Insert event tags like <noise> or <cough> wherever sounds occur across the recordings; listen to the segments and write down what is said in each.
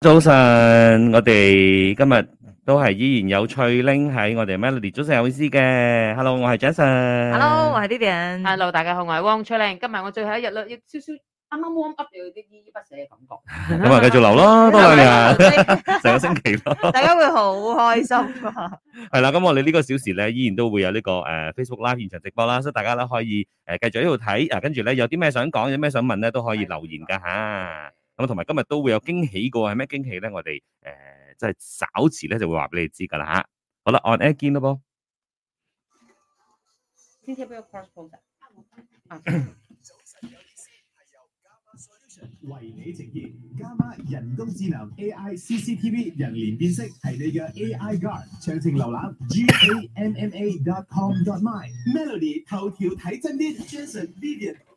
早晨，我哋今日都係依然有翠玲喺我哋 Melody 早上有意思嘅，Hello，我係 Jason，Hello，我係 Dian，Hello，大家好，我係汪翠玲，今日我最後一日咯，要少少啱啱 warm up 咗啲依依不捨嘅感覺，咁啊，繼續留咯，多謝啊，成 <laughs> 個星期咯， <laughs> 大家會好開心啊，係啦、 <laughs> <laughs> <laughs> <laughs> 嗯，咁我哋呢個小時咧，依然都會有呢個誒 Facebook Live 現場直播啦，所以大家都可以誒繼續喺度睇啊，跟住咧有啲咩想講，有咩想，想問咧，都可以留言噶吓。 <laughs> 咁同埋今日都會有驚喜㗎，係咩驚喜咧？我哋誒即係稍遲咧就會話俾你知噶啦嚇。好啦， <laughs> 按 A 見咯噃。早晨有意思係由 GAMMA solution 為你呈現，GAMMA 人工智能 A I C C T V 人臉辨識係你嘅 A I guard。詳情瀏覽 G A M M A com my m e l o d y 頭條睇真啲，Jason vivid。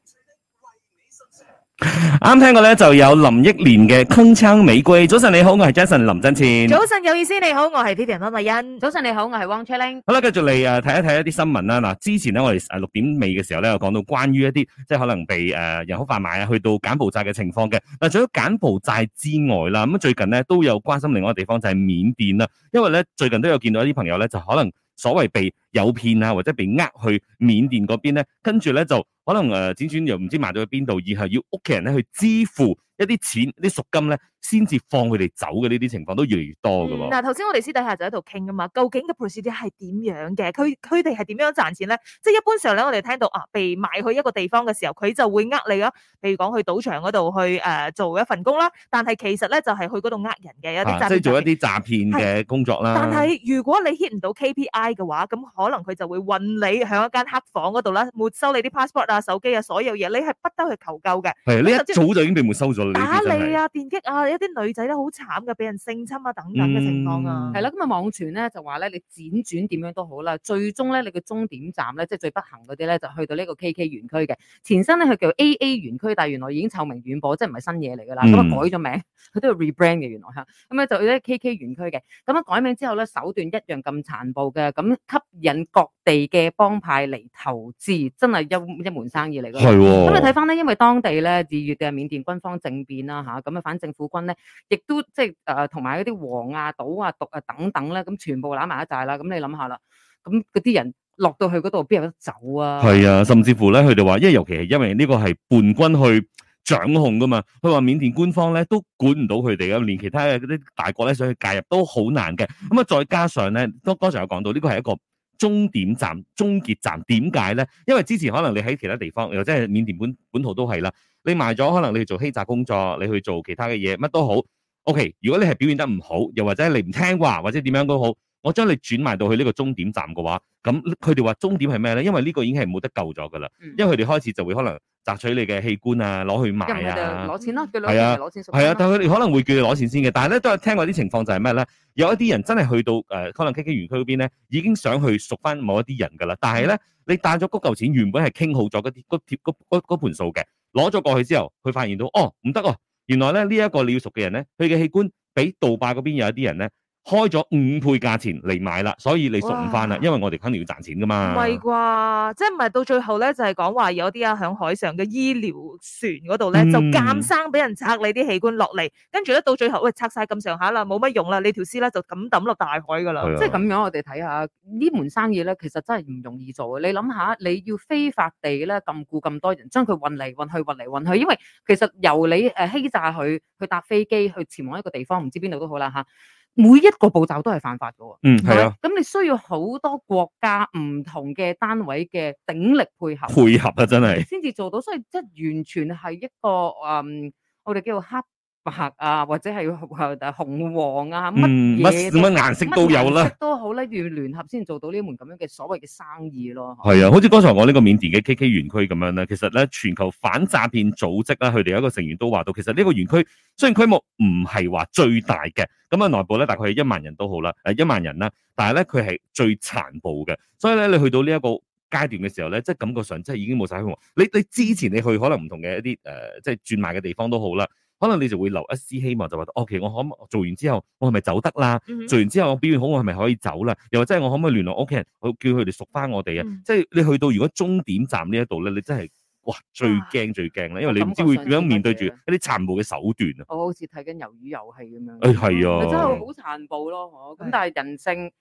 啱聽過咧，就有林憶蓮嘅鏗鏘玫瑰。早晨你好，我係 Jason 林振前。早晨有意思你好，我係 Peter 潘柏恩。早晨你好，我係汪卓玲。好啦，繼續嚟，誒睇一睇一啲新聞啦。嗱，之前咧我哋誒六點尾嘅時候咧，又講到關於一啲即係可能被誒人口販賣啊，去到柬埔寨嘅情況嘅。嗱，除咗柬埔寨之外啦，咁最近咧都有關心另外一個地方就係緬甸啦。因為咧最近都有見到一啲朋友咧，就可能所謂被。有騙啊，或者被呃去緬甸嗰邊咧，跟住咧就可能誒輾轉又唔知賣到去邊度，以後要屋企人咧去支付一啲錢，啲贖金咧，先至放佢哋走嘅呢啲情況都越嚟越多㗎喎。嗱、嗯，頭、啊、先我哋私底下就喺度傾㗎嘛，究竟個 procedure 係點樣嘅？佢佢哋係點樣賺錢咧？即係一般時候咧，我哋聽到啊被賣去一個地方嘅時候，佢就會呃你咯。譬如講去賭場嗰度去誒、啊、做一份工啦，但係其實咧就係去嗰度呃人嘅一啲，即係做一啲詐騙嘅工作啦。但係、就是啊、如果你 hit 唔到 KPI 嘅話，咁、嗯。嗯。可能佢就會運你喺一間黑房嗰度啦，沒收你啲 passport 啊、手機啊、所有嘢，你係不得去求救嘅。係的，呢是一早就已經被沒收咗。打你啊，電擊啊，一啲女仔都好慘嘅，俾人性侵啊等等嘅情況啊。係啦、嗯，咁啊網傳咧就話咧，你輾轉點樣都好啦，最終咧你嘅終點站咧，即係最不幸嗰啲咧，就去到呢個 KK 園區嘅前身咧，佢叫 AA 園區，但係原來已經臭名遠播，即係唔係新嘢嚟㗎啦。咁啊、嗯、改咗名，佢都要 rebrand 嘅原來嚇。咁咧就咧 KK 園區嘅，咁啊改名之後咧手段一樣咁殘暴嘅，咁吸引。各地嘅幫派嚟投資，真係一一門生意嚟㗎。係咁、哦、你睇翻咧，因為當地咧，二月嘅係緬甸軍方政變啦吓，咁啊，反政府軍咧，亦都即係誒，同埋嗰啲黃啊、賭啊、毒啊等等咧，咁全部攬埋一寨啦。咁你諗下啦，咁嗰啲人落到去嗰度，邊有得走啊？係啊，甚至乎咧，佢哋話，因為尤其係因為呢個係叛軍去掌控噶嘛。佢話緬甸官方咧都管唔到佢哋噶，連其他嗰啲大國咧想去介入都好難嘅。咁啊，再加上咧，剛剛才有講到，呢個係一個。終點站、終結站，點解呢？因為之前可能你喺其他地方，又或者係緬甸本本土都係啦。你賣咗可能你去做欺詐工作，你去做其他嘅嘢，乜都好。OK，如果你係表現得唔好，又或者你唔聽話，或者點樣都好。我將你轉賣到去呢個終點站嘅話，咁佢哋話終點係咩咧？因為呢個已經係冇得救咗噶啦，嗯、因為佢哋開始就會可能摘取你嘅器官啊，攞去賣啊，攞錢咯，係啊，攞、啊、錢、啊，係啊，啊，但係佢哋可能會叫你攞錢先嘅。但係咧，都有聽過啲情況就係咩咧？有一啲人真係去到誒、呃、可能 K K 園區嗰邊咧，已經想去贖返某一啲人噶啦。但係咧，你帶咗嗰嚿錢，原本係傾好咗嗰啲嗰貼嗰盤數嘅，攞咗過去之後，佢發現到哦唔得哦，原來咧呢一、呢個你要贖嘅人咧，佢嘅器官俾杜拜嗰邊有一啲人咧。開咗五倍價錢嚟買啦，所以你贖唔翻啦，因為我哋肯定要賺錢噶嘛。唔係啩？即係唔係到最後咧，就係講話有啲啊，響海上嘅醫療船嗰度咧，就監生俾人拆你啲器官落嚟，跟住咧到最後，喂，拆晒咁上下啦，冇乜用啦，你條屍咧就咁抌落大海噶啦。即係咁樣，我哋睇下呢門生意咧，其實真係唔容易做嘅。你諗下，你要非法地咧禁錮咁多人，將佢運嚟運去，運嚟運去，因為其實由你誒欺詐佢去搭飛機去前往一個地方，唔知邊度都好啦吓。每一個步驟都係犯法嘅喎，嗯，係吧啊，咁你需要好多國家唔同嘅單位嘅鼎力配合，配合啊真係，先至做到，所以即係完全係一個誒、嗯，我哋叫做黑。白啊，或者係紅黃啊，乜嘢乜顏色都有啦，都好啦，要聯合先做到呢門咁樣嘅所謂嘅生意咯。係啊，好似剛才我呢個緬甸嘅 KK 園區咁樣咧，其實咧全球反詐騙組織啦、啊，佢哋有一個成員都話到，其實呢個園區雖然規模唔係話最大嘅，咁啊內部咧大概係一萬人都好啦，誒一萬人啦，但係咧佢係最殘暴嘅，所以咧你去到呢一個階段嘅時候咧，即係感覺上即係已經冇晒希望。你你之前你去可能唔同嘅一啲誒、呃，即係轉賣嘅地方都好啦。可能你就會留一絲希望，就話：哦，其實我可唔可做完之後，我係咪走得啦？Mm hmm. 做完之後，我表現好，我係咪可以走啦？又或者我可唔可以聯絡屋企人，叫佢哋贖返我哋啊？Mm hmm. 即係你去到如果終點站呢一度咧，你真係哇，最驚最驚啦！因為你唔知會點樣面對住一啲殘暴嘅手段啊！我好似睇緊魷魚遊戲咁樣，誒係、哎、啊，真係好殘暴咯！咁但係人性。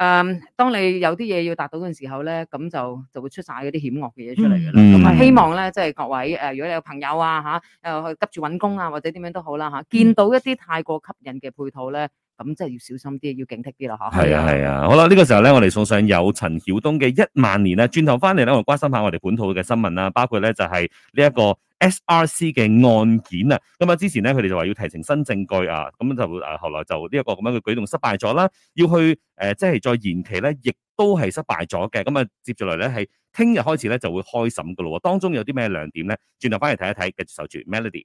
誒，um, 當你有啲嘢要達到嘅時候咧，咁就就會出晒嗰啲險惡嘅嘢出嚟嘅啦。咁啊、嗯，希望咧，即、就、係、是、各位誒、呃，如果你有朋友啊吓，誒、啊，去急住搵工啊，或者點樣都好啦吓、啊，見到一啲太過吸引嘅配套咧，咁即係要小心啲，要警惕啲啦，嗬。係啊，係啊。好啦，呢個時候咧，我哋送上有陳曉東嘅一萬年咧。轉頭翻嚟咧，我關心下我哋本土嘅新聞啦，包括咧就係呢一個 S R C 嘅案件啊。咁啊，之前咧佢哋就話要提呈新證據啊，咁就誒，後來就呢一個咁樣嘅舉動失敗咗啦。要去誒，即係再延期咧，亦都係失敗咗嘅。咁啊，接住嚟咧係聽日開始咧就會開審噶啦。當中有啲咩亮點咧？轉頭翻嚟睇一睇，繼續守住 Melody。Mel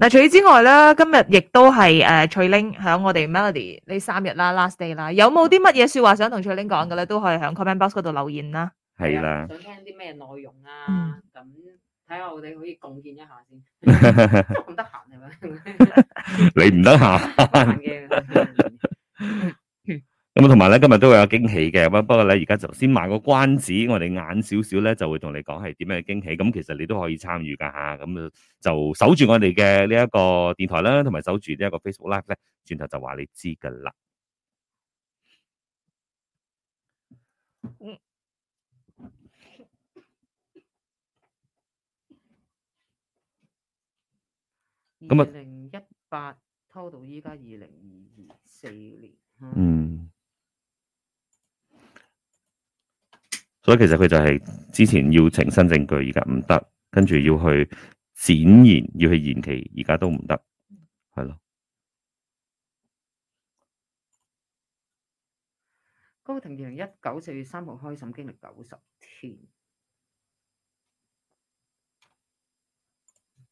嗱，除此之外咧，今日亦都係誒，翠、呃、玲響我哋 Melody 呢三日啦，last day 啦，有冇啲乜嘢說話想同翠玲講嘅咧？都可以響 comment box 嗰度留言啦。係啦、啊，嗯、想聽啲咩內容啊？咁睇下我哋可以貢獻一下先。咁得閒係咪？你唔得閒。咁同埋咧，今日都有個驚喜嘅，不不過咧，而家就先賣個關子，我哋眼少少咧，就會同你講係點樣嘅驚喜。咁其實你都可以參與噶吓，咁、啊、就守住我哋嘅呢一個電台啦，同埋守住呢一個 Facebook Live 咧，轉頭就話你知噶啦。咁啊，二零一八拖到依家二零二四年，嗯。所以其實佢就係之前要呈新證據，而家唔得，跟住要去展延，要去延期，而家都唔得，係咯。高庭二零一九四月三號開審，經歷九十天。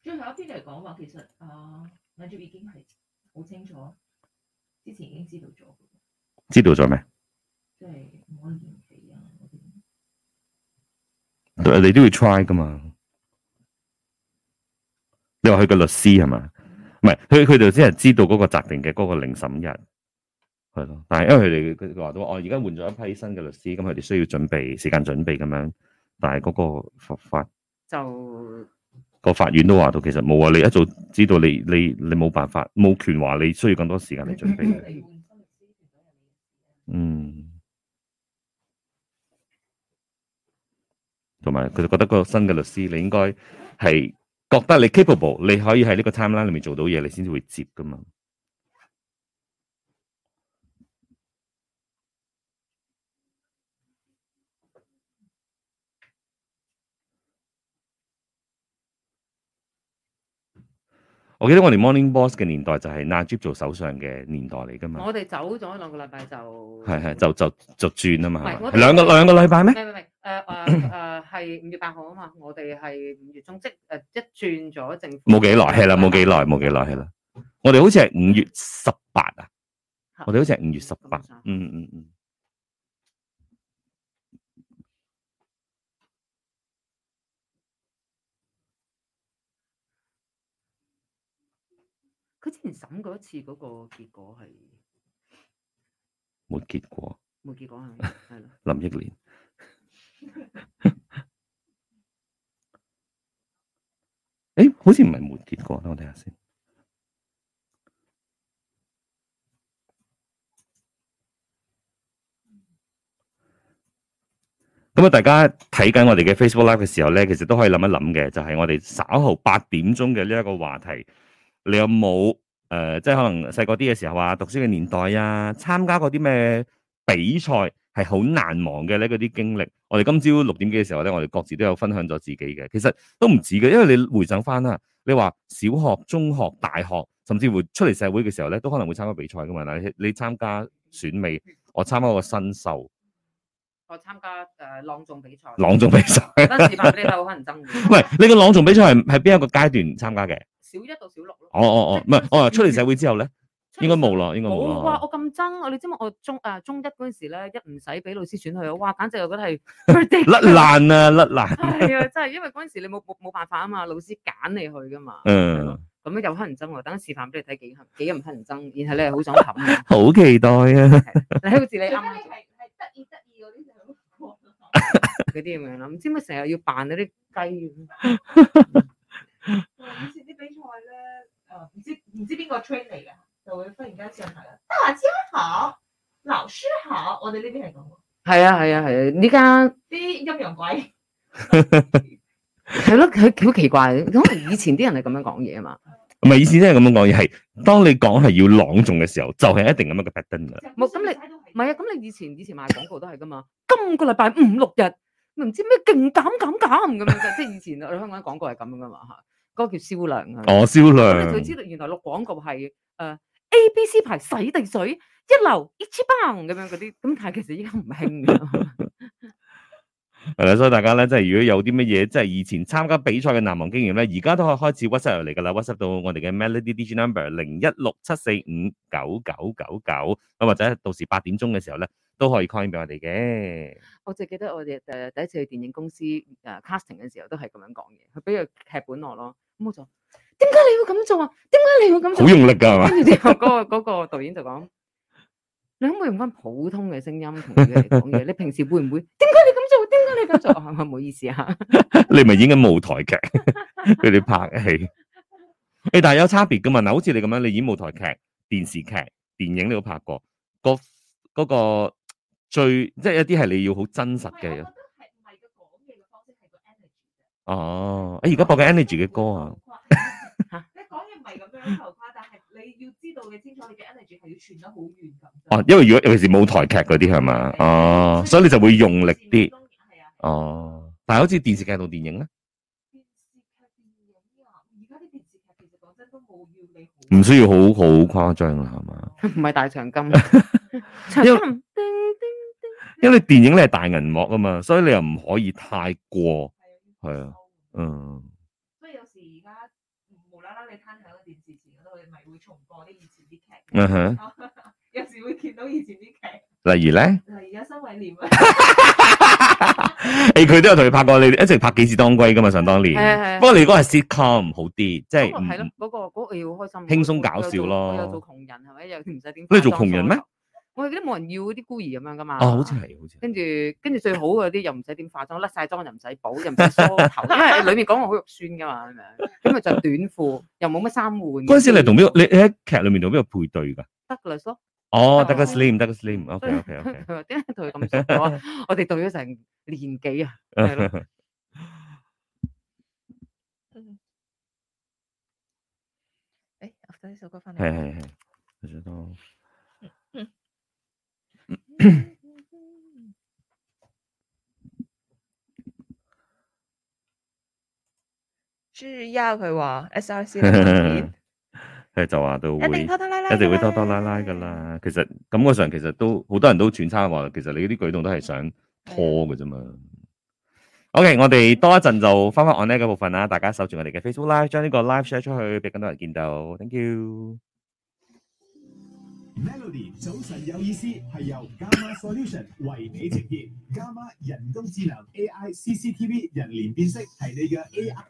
最後一啲嚟講話，其實啊，眼著已經係好清楚，之前已經知道咗。知道咗咩？即係唔可以。你都要 try 噶嘛？你話佢個律師係嘛？唔係，佢佢哋先係知道嗰個暫定嘅嗰個聆審日，係咯。但係因為佢哋佢哋話到，我而家換咗一批新嘅律師，咁佢哋需要準備時間準備咁樣。但係嗰個復法就個法院都話到，其實冇啊。你一早知道你你你冇辦法，冇權話你需要更多時間嚟準備。嗯。同埋，佢就覺得個新嘅律師，你應該係覺得你 capable，你可以喺呢個 timeline 裏面做到嘢，你先至會接噶嘛。 <noise> 我記得我哋 Morning Boss 嘅年代就係 Najib 做首相嘅年代嚟噶嘛。我哋走咗兩個禮拜就係係就就就轉啊嘛。兩個係咪兩個禮拜咩？誒誒誒，係五月八號啊嘛，我哋係五月中，即誒一轉咗政府，冇幾耐係啦，冇幾耐冇幾耐係啦，我哋好似係五月十八啊，我哋好似係五月十八，嗯嗯嗯，佢之前審過一次，嗰個結果係冇結果，冇結果係係啦，林憶蓮。誒、 <laughs> 欸，好似唔係沒結果，等我睇下先。咁啊， <music> 大家睇緊我哋嘅 Facebook Live 嘅時候咧，其實都可以諗一諗嘅，就係、是、我哋稍後八點鐘嘅呢一個話題，你有冇誒、呃，即係可能細個啲嘅時候啊，讀書嘅年代啊，參加過啲咩比賽？係好難忘嘅咧，嗰啲經歷。我哋今朝六點幾嘅時候咧，我哋各自都有分享咗自己嘅。其實都唔止嘅，因為你回想翻啦，你話小學、中學、大學，甚至乎出嚟社會嘅時候咧，都可能會參加比賽噶嘛。嗱，你參加選美，我參加個新秀，我參加誒朗誦比賽，朗誦比賽， <laughs> 你鬥可能爭唔。唔係，你個朗誦比賽係係邊一個階段參加嘅？小一到小六咯。哦哦哦，唔係，我出嚟社會之後咧。應該冇咯，應該冇。哇！我咁憎，我你知唔知我中誒中一嗰陣時咧，一唔使俾老師選去，哇！簡直我覺得係甩爛啊，甩爛。係啊，真係因為嗰陣時你冇冇冇辦法啊嘛，老師揀你去噶嘛。嗯。咁樣又乞人憎喎，等下示範俾你睇幾乞幾咁乞人憎，然後你係好想冚。好期待啊！你好似你啱啱係係得意得意嗰啲，嗰啲咁樣啦，唔知咩成日要扮嗰啲雞。以前啲比賽咧，誒唔知唔知邊個 train 嚟嘅？就會忽然間上台啦。大家好，老師好，我哋呢邊係咁。係啊係啊係啊，呢家啲陰陽鬼係咯，佢 <laughs> 好 <laughs> 奇怪，因以前啲人係咁樣講嘢啊嘛。唔係以前真係咁樣講嘢，係當你講係要朗誦嘅時候，就係、是、一定咁樣嘅 p a t 冇咁你，唔係啊，咁你以前以前賣廣告都係噶嘛， <laughs> 今個禮拜五六日唔知咩勁敢敢敢咁樣即係以前我哋香港廣告係咁噶嘛吓，嗰、那個叫銷量啊。哦，銷量。咁你 <laughs> <laughs> 就知道原來錄廣告係誒。呃呃 A、B、C 牌洗地水一流，一支棒咁樣嗰啲，咁但係其實依家唔興嘅，係啦，所以大家咧，即係如果有啲乜嘢，即係以前參加比賽嘅難忘經驗咧，而家都可以開始 WhatsApp 嚟噶啦，WhatsApp 到我哋嘅 Melody Digi Number 零一六七四五九九九九，咁或者到時八點鐘嘅時候咧，都可以 call me 俾我哋嘅。 <laughs> 我淨記得我哋誒第一次去電影公司誒、uh, casting 嘅時候都，都係咁樣講嘢，佢俾佢劇本我咯，冇錯點解你會咁做啊？點解你會咁做？好用力噶係嘛？跟住之後嗰個嗰個導演就講：你可唔可以用翻普通嘅聲音同佢哋講嘢？你平時會唔會？點解你咁做？點解你咁做？係咪唔好意思啊？你係咪演緊舞台劇，佢哋拍戲，誒，但係有差別噶嘛？嗱，好似你咁樣，你演舞台劇、電視劇、電影，你都拍過，個嗰個最即係一啲係你要好真實嘅。係講嘢嘅方式係個 Energy。哦，誒，而家播緊《Energy》嘅歌啊。講頭誇張，但係你要知道嘅，清楚你嘅 energy 係要傳得好遠咁。哦，因為如果尤其是舞台劇嗰啲係嘛？哦，所以你就會用力啲。哦，但係好似電視劇同電影咧？電視劇電影呢？而家啲電視劇其實講真都冇要你，唔需要好好誇張啦，係嘛？唔係大長金，因為電影你係大銀幕啊嘛，所以你又唔可以太過係啊，嗯。重播啲以前啲劇，嗯、哼 <laughs> 有時會見到以前啲劇。例如咧，例如有《新圍獵》啊，誒，佢都有同你拍過，你一直拍《幾次當歸》噶嘛？想當年，是是是，不過你嗰個 sitcom 好啲，即係唔，嗰、嗰個嗰、嗰個要開心，輕鬆搞笑咯。又做窮人係咪？又唔使點，你做窮人咩？我記得冇人要嗰啲孤兒咁樣噶嘛？哦，好似係，好似。跟住，跟住最好嗰啲又唔使點化妝，甩晒妝又唔使補，又唔使梳頭，因為裏面講我好肉酸噶嘛，咁樣，咁咪着短褲又冇乜衫換。嗰陣時你同邊個？你你喺劇裏面同邊個配對噶？得噶啦，哥。哦，得個 Slim，得個 Slim，OK，OK。點解同佢咁熟？我我哋對咗成年幾啊？係咯。嗯。誒，我搵呢首歌翻嚟。係係係。唔少歌。知啊，佢話 S I C，係就話都會，一定會拖拖拉拉噶啦。其實感覺上，其實都好多人都揣測話，其實你嗰啲舉動都係想拖嘅啫嘛。O K，我哋多一陣就翻翻 online 嗰部分啦，大家守住我哋嘅 FacebookLive，將呢個 live share 出去俾更多人見到。Thank you。Melody 早晨有意思係由 Gamma Solution 為你呈現，Gamma 人工智能 AI CCTV 人臉辨識係你嘅 AI。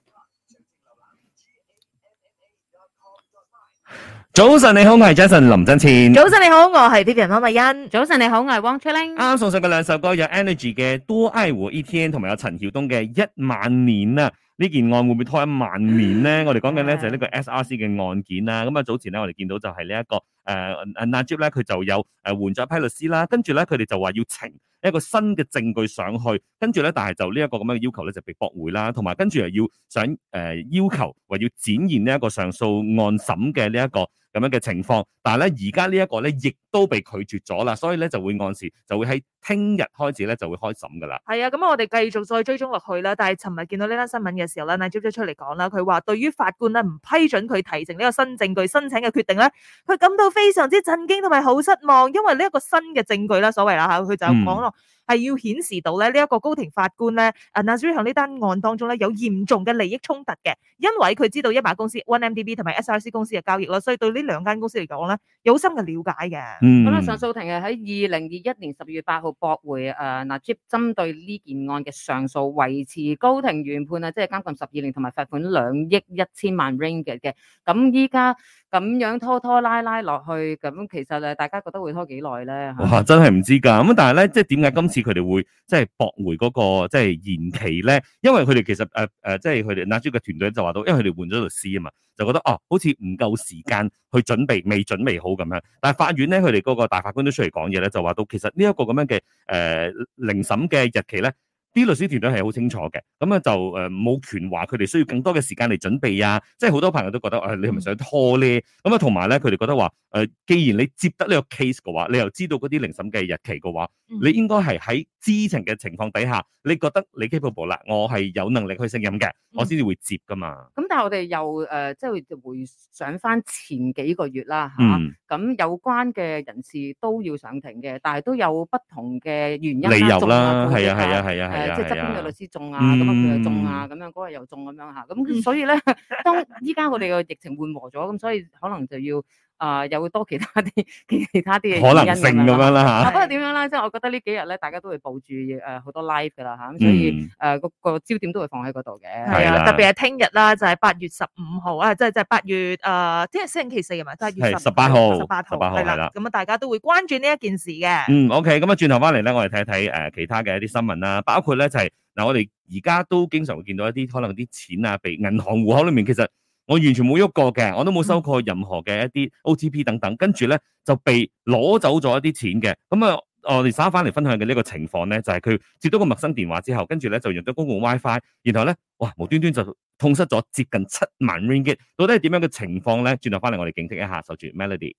早晨你好，我係 Jason 林振前。早晨你好，我係 B B 馬慧欣。早晨你好，我係汪卓玲。啱啱送上嘅兩首歌有 Energy 嘅多愛和 ETN 同埋有陳曉東嘅一萬年啊！呢件案會唔會拖一萬年呢？我哋講緊咧就係呢個 SRC 嘅案件啦。咁啊，早前咧我哋見到就係呢一個。誒納吉咧，佢、uh，就有誒換咗一批律師啦，跟住咧佢哋就話要呈一個新嘅證據上去，跟住咧但係就呢一個咁樣嘅要求咧就被駁回啦，同埋跟住又要想誒、呃、要求或要展現呢一個上訴案審嘅呢一個咁樣嘅情況，但係咧而家呢一個咧亦都被拒絕咗啦，所以咧就會按時就會喺聽日開始咧就會開審㗎啦。係啊，咁我哋繼續再追蹤落去啦。但係尋日見到呢單新聞嘅時候咧，納吉都出嚟講啦，佢話對於法官咧唔批准佢提呈呢個新證據申請嘅決定咧，佢感到。非常之震驚同埋好失望，因為呢一個新嘅證據啦，所謂啦吓，佢就講咯。嗯係要顯示到咧呢一個高庭法官咧，阿 Nazri 喺呢單案當中咧有嚴重嘅利益衝突嘅，因為佢知道一馬公司 OneMDB 同埋 SRC 公司嘅交易咯，所以對呢兩間公司嚟講咧有深嘅瞭解嘅。咁啦，上訴庭係喺二零二一年十二月八號駁回誒 Nazri 針對呢件案嘅上訴，維持高庭原判啊，即係監禁十二年同埋罰款兩億一千萬 Ringgit 嘅。咁依家咁樣拖拖拉拉落去，咁其實誒大家覺得會拖幾耐咧？哇！真係唔知㗎。咁但係咧，即係點解今次？佢哋會即係駁回嗰個即係延期咧，因為佢哋其實誒誒、呃呃，即係佢哋那 a 嘅團隊就話到，因為佢哋換咗律師啊嘛，就覺得哦，好似唔夠時間去準備，未準備好咁樣。但係法院咧，佢哋嗰個大法官都出嚟講嘢咧，就話到其實呢一個咁樣嘅誒聆審嘅日期咧。啲律師團隊係好清楚嘅，咁咧就誒冇、呃、權話佢哋需要更多嘅時間嚟準備啊，即係好多朋友都覺得誒、哎，你係咪想拖咧？咁啊、嗯，同埋咧，佢哋覺得話誒、呃，既然你接得呢個 case 嘅話，你又知道嗰啲聆審嘅日期嘅話，嗯、你應該係喺知情嘅情況底下，你覺得你 capable 啦，我係有能力去勝任嘅，我先至會接噶嘛。咁、嗯、但係我哋又誒，即、呃、係、就是、回想翻前幾個月啦吓，咁、啊嗯、有關嘅人士都要上庭嘅，但係都有不同嘅原因理由啦，係啊，係啊，係啊。即係側邊嘅律師中啊，咁樣佢又中啊，咁樣嗰日又中咁樣吓，咁所以咧，嗯、 <laughs> 當依家我哋嘅疫情緩和咗，咁所以可能就要。啊、呃，又會多其他啲，其他啲可能性咁吧樣啦吓。不過點樣咧，即係是 我覺得幾呢幾日咧，大家都會保住誒好多 live 噶啦吓，所以誒、嗯呃、個，個焦點都會放喺嗰度嘅。係是啊，特別係聽日啦，就係、是、八月十五號啊，即係即係八月誒，即係星期四啊嘛，即係八十八號，十八號，十八號係啦。咁啊，大家都會關注呢一件事嘅。嗯，OK，咁啊，轉頭翻嚟咧，我哋睇一睇誒其他嘅一啲新聞啦，包括咧就係、是、嗱、啊，我哋而家都經常會見到一啲可能啲錢啊，被銀行戶口裏面其實。我完全冇喐過嘅，我都冇收過任何嘅一啲 OTP 等等，跟住咧就被攞走咗一啲錢嘅。咁、嗯、啊，我哋稍翻嚟分享嘅呢個情況咧，就係、是、佢接到個陌生電話之後，跟住咧就用咗公共 WiFi，然後咧哇無端端就痛失咗接近七萬 Ringgit。到底係點樣嘅情況咧？轉頭翻嚟我哋警惕一下，守住 Melody。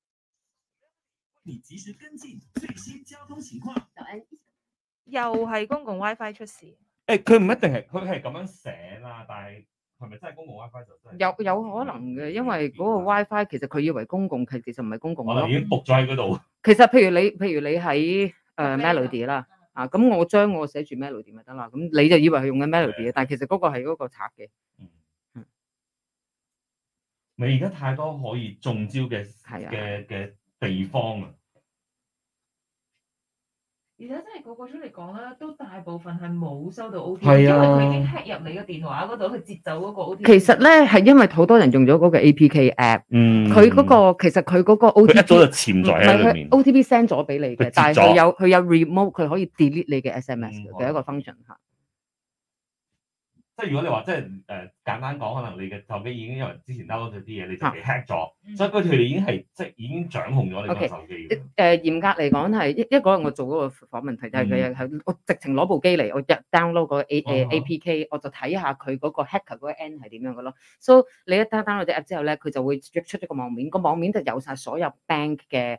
又係公共 WiFi 出事？誒、欸，佢唔一定係，佢係咁樣寫啦，但係。係咪真係公共 WiFi 就真係？有有可能嘅，因為嗰個 WiFi 其實佢以為公共，其其實唔係公共。我哋已經錄咗喺嗰度。其實譬如你，譬如你喺誒 Melody 啦，啊咁我將我寫住 Melody 咪得啦。咁你就以為佢用緊 Melody 嘅，但係其實嗰個係嗰個賊嘅。嗯嗯。你而家太多可以中招嘅嘅嘅地方啊！而且真係個個出嚟講啦，都大部分係冇收到 O T，因為佢已經 hack 入你嘅電話嗰度，佢截走嗰個 O T。其實咧係因為好多人用咗嗰個 A P K app，佢嗰、嗯嗰個其實佢嗰個 O T B，佢一早就潛在喺裏面。O T B send 咗俾你嘅，但係佢有佢有 remote，佢可以 delete 你嘅 S M S 嘅第、嗯嗯、一個 function 嚇。即係如果你話即係誒簡單講，可能你嘅手機已經因為之前 download 咗啲嘢，你就被 hack 咗，啊、所以嗰條鏈係即係已經掌控咗你部手機嘅。誒、okay. 呃、嚴格嚟講係一一日我做嗰個訪問題就係佢係我直情攞部機嚟，我入 download 個 A 誒 A, A P K，我就睇下佢嗰個 hack 嗰個 end 係點樣嘅咯。So 你一 download 咗啲 app 之後咧，佢就會出出一個網面，個網面就有晒所有 bank 嘅。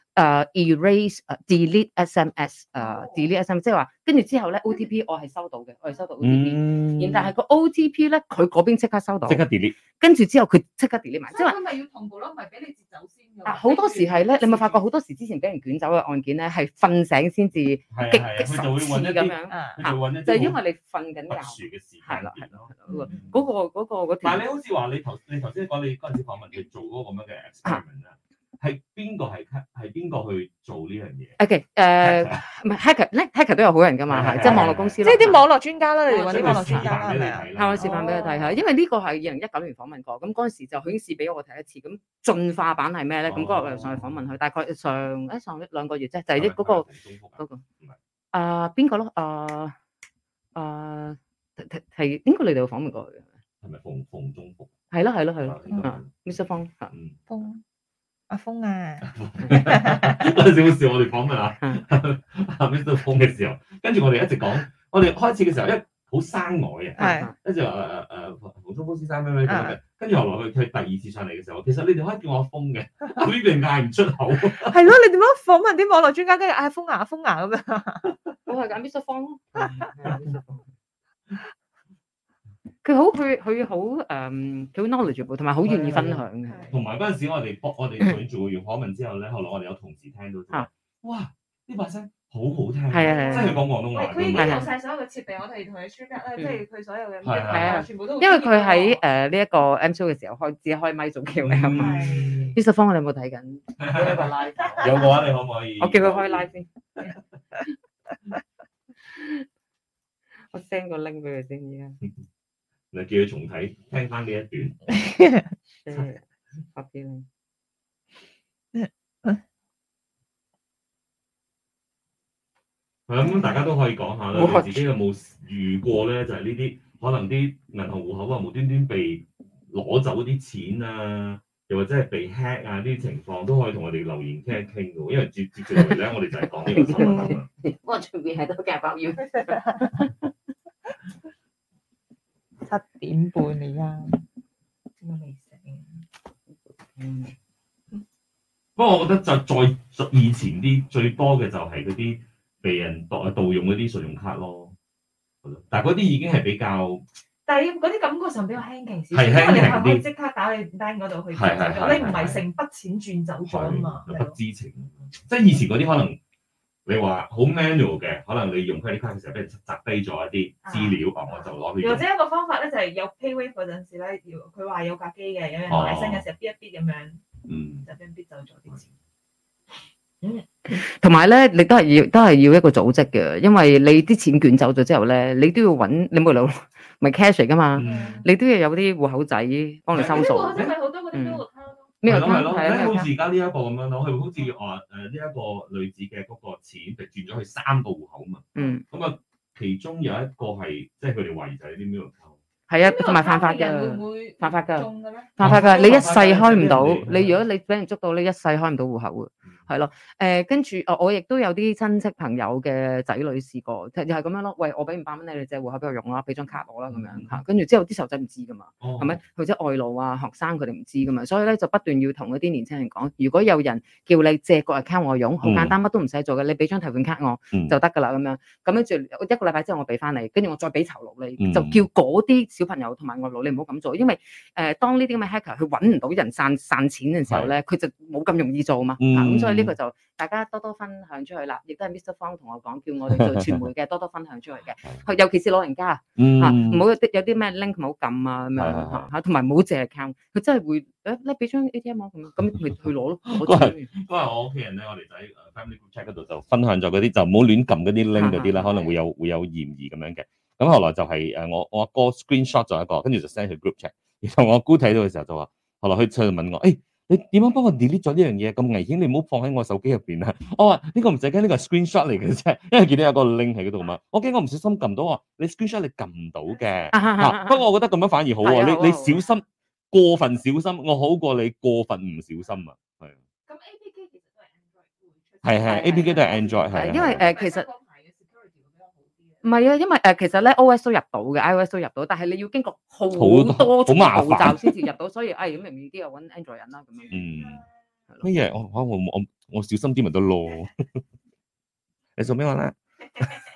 誒，erase delete SMS 誒，delete SMS，即係話跟住之後咧，OTP 我係收到嘅，我係收到 OTP，然但係個 OTP 咧，佢嗰邊即刻收到，即刻 delete，跟住之後佢即刻 delete 埋，即係咪要同步咯？咪俾你截走先？啊，好多時係咧，你咪發覺好多時之前俾人捲走嘅案件咧，係瞓醒先至激就神咁樣，就係因為你瞓緊。特殊嘅事係啦，係咯，嗰個嗰個但係你好似話你頭你頭先講你嗰陣時訪問你做嗰個咁樣嘅 e 係邊個係係邊個去做呢樣嘢？OK，誒，唔係黑客咧，黑客都有好人噶嘛，係即係網絡公司，即係啲網絡專家啦。你哋搵啲網絡專家係咪啊？示範俾佢睇下？因為呢個係二零一九年訪問過，咁嗰陣時就顯示俾我睇一次。咁進化版係咩咧？咁嗰日我又上去訪問佢，大概上一上一兩個月啫，就係啲嗰個嗰個啊邊個咯？啊啊係邊個嚟到訪問過？係咪馮馮中福？係咯係咯係咯，嗯，Mr. 馮啊，馮。阿峰啊！嗰陣時笑， <laughs> 我哋訪問 <laughs> <laughs> 啊，阿 Mr. 峰嘅時候，跟住我哋一直講，我哋開始嘅時候一好生外啊，跟住話誒誒誒，黃宗峰先生咩咩咩，跟住後來佢佢第二次上嚟嘅時候，其實你哋可以叫我阿峰嘅，阿 b i 嗌唔出口，係、嗯、咯，你點樣訪問啲網絡專家跟住嗌阿峰啊阿峰啊咁樣？我係揀 Mr. 峰咯。嗯嗯嗯嗯嗯嗯嗯佢好，佢佢好，誒，佢會 knowledgeable 全部，同埋好願意分享嘅。同埋嗰陣時，我哋播，我哋做完訪問之後咧，後來我哋有同事聽到，嚇，哇，呢把聲好好聽，真係講廣東話。佢已經攞曬所有嘅設備，我哋同佢 share 啦。譬如佢所有嘅，係係，全部都。因為佢喺誒呢一個 M Show 嘅時候開，只開咪仲叫你開。Eason 方，你有冇睇緊？有個話，你可唔可以？我叫佢開 live 先。我 send 個 link 俾佢先而家。你叫佢重睇，聽翻呢一段。係咁，大家都可以講下我哋自己有冇遇過咧？就係呢啲可能啲銀行戶口啊，無端端被攞走啲錢啊，又或者係被 hack 啊呢啲情況，都可以同我哋留言傾一傾嘅。因為接接住嚟咧， <laughs> 我哋就係講呢個嘅。我準備喺度 get 七點半嚟啊！點都未醒。嗯，不過我覺得就再以前啲最多嘅就係嗰啲被人盜用嗰啲信用卡咯。但係嗰啲已經係比較，但係嗰啲感覺上比較輕微少少，的因為你係可以即刻打你 bank 嗰度去，你唔係成筆錢轉走咗啊嘛，不知情。即係以前嗰啲可能。你話好 manual 嘅，可能你用佢啲卡嘅時候，俾人摘低咗一啲資料，啊我就攞呢。或者一個方法咧，就係有 PayWave 嗰陣時咧，要佢話有架機嘅，有人買新嘅時候，bit 一 bit 咁樣，就 bit 到咗啲錢。嗯，同埋咧，你都係要，都係要一個組織嘅，因為你啲錢捲走咗之後咧，你都要揾你冇理由咪 cash 㗎嘛，你都要有啲戶口仔幫你收數。好多嗰啲都。係咯，係咯，好似而家呢一個咁樣咯，佢好似話誒呢一個女子嘅嗰個錢，就轉咗去三個戶口啊嘛。嗯。咁啊，其中有一個係，即係佢哋懷疑就喺呢邊度扣。係啊，同埋犯法噶，人人會會犯法噶，犯法噶，你一世開唔到。你如果你俾人捉到，你一世開唔到戶口啊。嗯係咯，誒跟住，呃、我亦都有啲親戚朋友嘅仔女試過，就係咁樣咯。喂，我俾五百蚊你，你借戶口俾我用啦，俾張卡我啦，咁樣嚇。跟住、嗯、之後啲細路仔唔知噶嘛，係咪、哦？或者外勞啊、學生佢哋唔知噶嘛，所以咧就不斷要同嗰啲年輕人講，如果有人叫你借個 account 我用，好簡單，乜、嗯、都唔使做嘅，你俾張提款卡我、嗯、就得㗎啦，咁樣。咁跟住一個禮拜之後我俾翻你，跟住我再俾酬勞你，嗯、就叫嗰啲小朋友同埋外勞你唔好咁做，因為誒、呃、當呢啲咁嘅 hacker 佢揾唔到人賺賺錢嘅時候咧，佢就冇咁容易做嘛，咁所以呢個就大家多多分享出去啦，亦都係 Mr. 方同我講，叫我哋做傳媒嘅多多分享出去嘅。尤其是老人家嚇，唔好有啲咩 link 唔好撳啊咁樣嚇，同埋唔好借 account，佢真係會誒，你俾張 ATM 咁，佢去攞咯。都係都係我屋企人咧，我哋就喺 Family Group Chat 嗰度就分享咗嗰啲，就唔好亂撳嗰啲 link 嗰啲啦，可能會有會有嫌疑咁樣嘅。咁後來就係誒我我阿哥 Screenshot 咗一個，跟住就 send 佢 Group Chat，然後我阿姑睇到嘅時候就話，後來佢出去問我誒。你點樣幫我 delete 咗呢樣嘢？咁危險，你唔好放喺我手機入邊啊！我話呢個唔使驚，呢個係 screen shot 嚟嘅啫，因為見到有個 link 喺嗰度嘛。我驚我唔小心撳到，我話你 screen shot 你撳唔到嘅。不過我覺得咁樣反而好喎。你你小心過分小心，我好過你過分唔小心啊。係。咁 A P K 其實都係 Android，係係 A P K 都係 Android，係。因為誒，其實。唔係啊，因為誒、呃，其實咧 o s 都入到嘅，iOS 都入到，但係你要經過好多好多步驟先至入到。 <laughs> 所以誒咁、哎、明唔明啲啊？搵 Android 人啦咁樣。嗯，乜嘢的？我我我我小心啲咪得咯？ <laughs> <laughs> 你做咩話咧？ <laughs>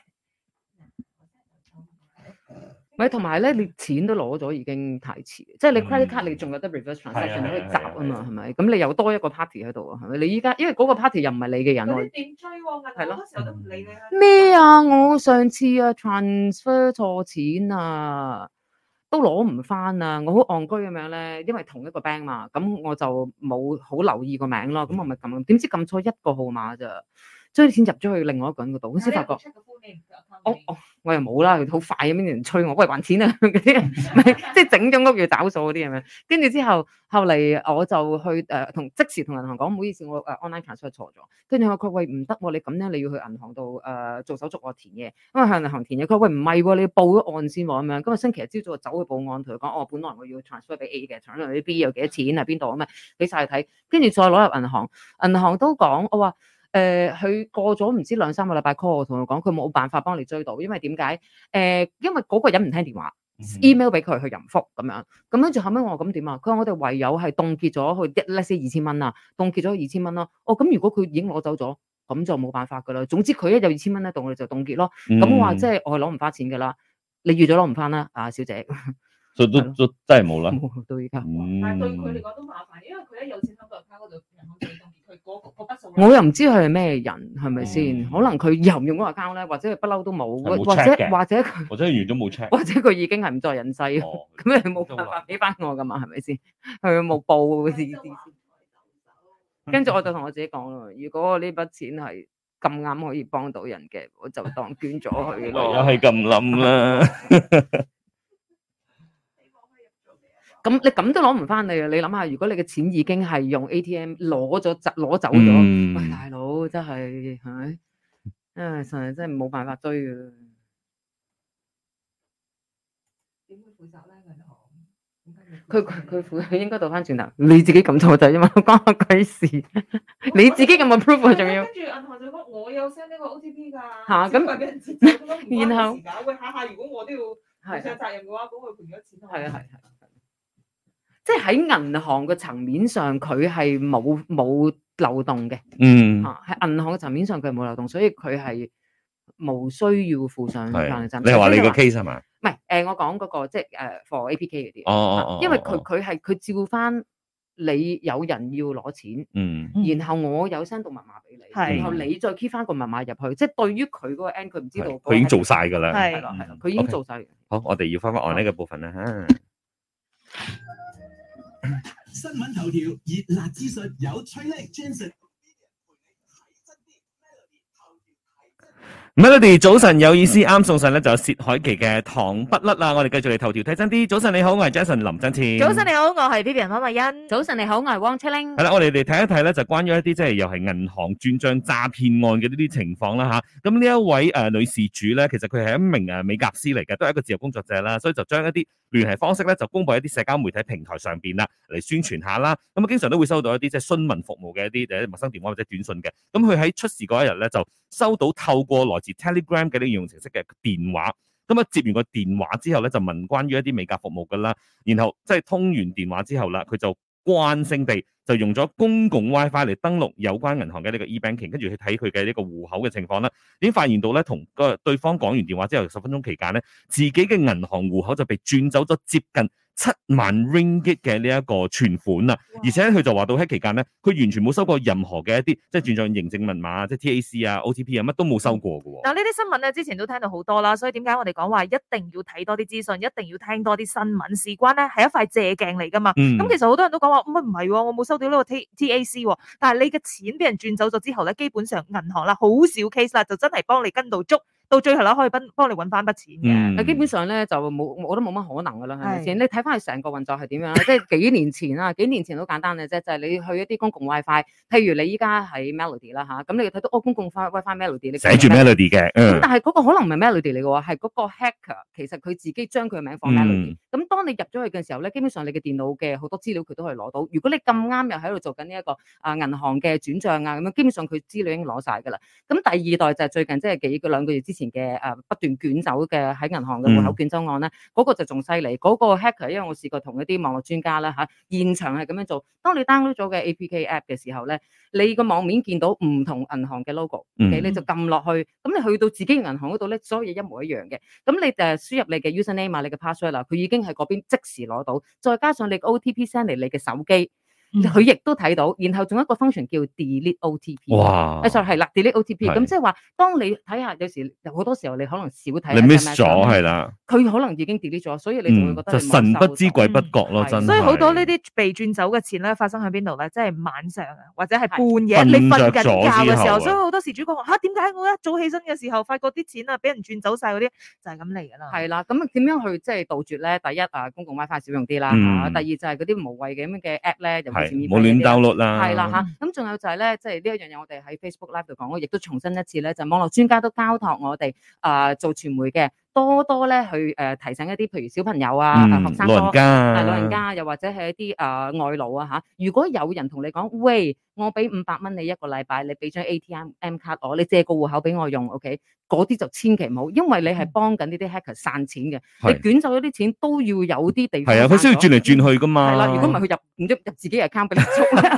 咪同埋咧，你錢都攞咗已經太遲，嗯、即係你 credit card 你仲有得 reverse transaction 的可以集啊嘛，係咪？咁你又多一個 party 喺度啊，係咪？你依家因為嗰個 party 又唔係你嘅人，我點追喎？好的多時候都唔理你。咩、嗯、啊？我上次啊 transfer 錯錢啊，都攞唔翻啊，我好戇居咁樣咧，因為同一個 bank 嘛，咁我就冇好留意個名咯，咁我咪咁點知撳錯一個號碼咋？將啲錢入咗去另外一個人度，我先發覺哦我又冇啦，好快咁啲人催我，喂還錢啊！嗰啲唔即係整咗屋要找數嗰啲咁樣。跟住之後，後嚟我就去誒同、呃、即時同銀行講，唔好意思，我誒 online transfer 錯咗。跟住佢話喂唔得喎，你咁咧你要去銀行度誒做手續我填嘢。因為」咁啊向銀行填嘢，佢話喂唔係喎，你要報咗案先喎咁樣。今啊星期日朝早就走去報案，同佢講哦，本來我要 transfer 俾 A 嘅 transfer 俾 B 有幾多錢喺邊度咁啊？俾曬嚟睇，跟住再攞入銀行，銀行都講我話。我誒，佢、呃、過咗唔知兩三個禮拜 call 我，同佢講佢冇辦法幫你追到，因為點解？誒、呃，因為嗰個人唔聽電話，email 俾佢，佢又唔覆咁樣。咁跟住後尾我話咁點啊？佢話我哋唯有係凍結咗佢一粒先二千蚊啦，凍結咗二千蚊咯。哦，咁如果佢已經攞走咗，咁就冇辦法噶啦。總之佢一有二千蚊喺度，凍我哋就凍結咯。咁、嗯、我話即係我攞唔翻錢噶啦，你預咗攞唔翻啦，啊小姐。都都都真係冇啦，到而家。但係對佢嚟講都麻煩，因為佢一有錢收代卡嗰度，我最中意佢嗰個嗰筆十萬。我又唔知佢係咩人，係咪先？可能佢又唔用代卡咧，或者佢不嬲都冇，或者或者佢，或者完咗冇 check，或者佢已經係唔在人世，咁你冇辦法俾翻我噶嘛？係咪先？佢冇報，意思。跟住我就同我自己講啦，如果我呢筆錢係咁啱可以幫到人嘅，我就當捐咗佢咯。又係咁諗啦。咁你咁都攞唔翻嚟啊！你諗下，如果你嘅錢已經係用 ATM 攞咗、攞走咗，喂，大佬真係係咪？唉，實真係冇辦法追㗎。點會負責咧？佢佢負佢應該倒翻轉頭，你自己咁錯就係因為關我鬼事。你自己有冇 approval 仲要？跟住銀行就方，我有 send 呢個 OTP 㗎。嚇！咁然後喂，下下如果我都要負上責任嘅話，咁佢賠咗錢。係啊！係啊！即係喺銀行嘅層面上，佢係冇冇漏洞嘅。嗯，喺銀行嘅層面上，佢冇漏洞，所以佢係冇需要負上責任。你話你個 case 係嘛？唔係，誒，我講嗰個即係誒 for A P K 嗰啲。哦，因為佢佢係佢照翻你有人要攞錢。嗯，然後我有 send 到密碼俾你，然後你再 key 翻個密碼入去。即係對於佢嗰個 end，佢唔知道。佢已經做晒噶啦，係咯係咯，佢已經做晒。好，我哋要翻翻 online 嘅部分啦。新聞頭條，熱辣資訊，有趣咧 Jason Melody，早晨有意思，啱送上咧就有薛凱琪嘅糖不甩啦。我哋繼續嚟頭條睇真啲。早晨你好，我係 Jason 林真前。早晨你好，我係 B B 方慧恩。早晨你好，我係汪七玲。係啦，我哋嚟睇一睇咧，就關於一啲即係又係銀行轉賬詐騙案嘅呢啲情況啦吓。咁呢一位誒女事主咧，其實佢係一名誒美甲師嚟嘅，都係一個自由工作者啦，所以就將一啲聯繫方式咧就公布喺啲社交媒體平台上邊啦，嚟宣傳下啦。咁啊，經常都會收到一啲即係詢問服務嘅一啲誒陌生電話或者短信嘅。咁佢喺出事嗰一日咧就。收到透過來自 Telegram 嘅呢個應用程式嘅電話，咁、嗯、啊接完個電話之後咧，就問關於一啲美甲服務噶啦，然後即係、就是、通完電話之後啦，佢就慣性地就用咗公共 WiFi 嚟登錄有關銀行嘅呢個 eBanking，跟住去睇佢嘅呢個戶口嘅情況啦，已經發現到咧同個對方講完電話之後十分鐘期間咧，自己嘅銀行戶口就被轉走咗接近。七萬 Ringgit 嘅呢一個存款啊，哇而且佢就話到喺期間咧，佢完全冇收過任何嘅一啲即係轉賬認證密碼啊，即係 TAC 啊、OTP 啊乜都冇收過嘅、哦。嗱呢啲新聞咧之前都聽到好多啦，所以點解我哋講話一定要睇多啲資訊，一定要聽多啲新聞？事關咧係一塊借鏡嚟噶嘛。咁、嗯、其實好多人都講話乜唔係喎，我冇收到呢個 T TAC、啊、但係你嘅錢俾人轉走咗之後咧，基本上銀行啦好少 case 啦，就真係幫你跟到捉。到最後咧，可以幫你揾翻筆錢嘅。嗯、基本上咧就冇，我都冇乜可能噶啦，係咪先？你睇翻佢成個運作係點樣即係幾年前啊， <laughs> 幾年前好簡單嘅啫，就係、是、你去一啲公共 WiFi，譬如你依家喺 Melody 啦、啊、嚇，咁你睇到哦公共 WiFi Melody，mel 寫住 Melody 嘅、嗯嗯。但係嗰個可能唔係 Melody 嚟嘅喎，係嗰個 hacker 其實佢自己將佢嘅名放 Melody、嗯。咁當你入咗去嘅時候咧，基本上你嘅電腦嘅好多資料佢都可以攞到。如果你咁啱又喺度做緊呢一個啊銀行嘅轉帳啊咁樣，基本上佢資料已經攞晒㗎啦。咁第二代就係最近即係幾個兩個月之前嘅誒不斷捲走嘅喺銀行嘅戶口捲走案咧，嗰、嗯、個就仲犀利。嗰、那個 hacker，因為我試過同一啲網絡專家啦嚇、啊，現場係咁樣做。當你 download 咗嘅 APK app 嘅時候咧，你個網面見到唔同銀行嘅 logo，OK，你就撳落去。咁你去到自己銀行嗰度咧，所有嘢一模一樣嘅。咁你誒輸入你嘅 user name 啊，你嘅 password 啦，佢已經喺嗰邊即時攞到。再加上你 O T P send 嚟你嘅手機。佢亦、嗯、都睇到，然後仲有一個功能叫 delete OTP。哇！誒、sorry、係啦，delete OTP。咁即係話，當你睇下有時，好多時候你可能少睇。你 Miss 咗係啦？佢可能已經 delete 咗，所以你就會覺得、嗯、神不知鬼不覺咯，嗯、所以好多呢啲被轉走嘅錢咧，發生喺邊度咧？即、就、係、是、晚上啊，或者係半夜的你瞓緊覺嘅時候。所以好多時主角話嚇點解我一早起身嘅時候，發覺啲錢啊俾人轉走晒嗰啲，就係咁嚟㗎啦。係啦，咁點樣去即係杜絕咧？第一啊，公共 WiFi 少用啲啦、嗯、第二就係嗰啲無謂嘅咁嘅 app 咧。冇亂鬥啦，係啦嚇，咁仲有就係咧，即係呢一樣嘢，我哋喺 Facebook Live 度講，我亦都重申一次咧，就係網絡專家都交託我哋啊做傳媒嘅。 <music> <music> <music> 多多咧去誒提醒一啲，譬如小朋友啊、學生哥、老人家，又或者係一啲誒外勞啊嚇。如果有人同你講，喂，我俾五百蚊你一個禮拜，你俾張 ATM card 我，你借個戶口俾我用，OK？嗰啲就千祈唔好，因為你係幫緊呢啲 hacker 散錢嘅。你捲走咗啲錢都要有啲地方。係啊，佢需要轉嚟轉去噶嘛。係啦，如果唔係佢入唔知入自己 account 俾你充咧，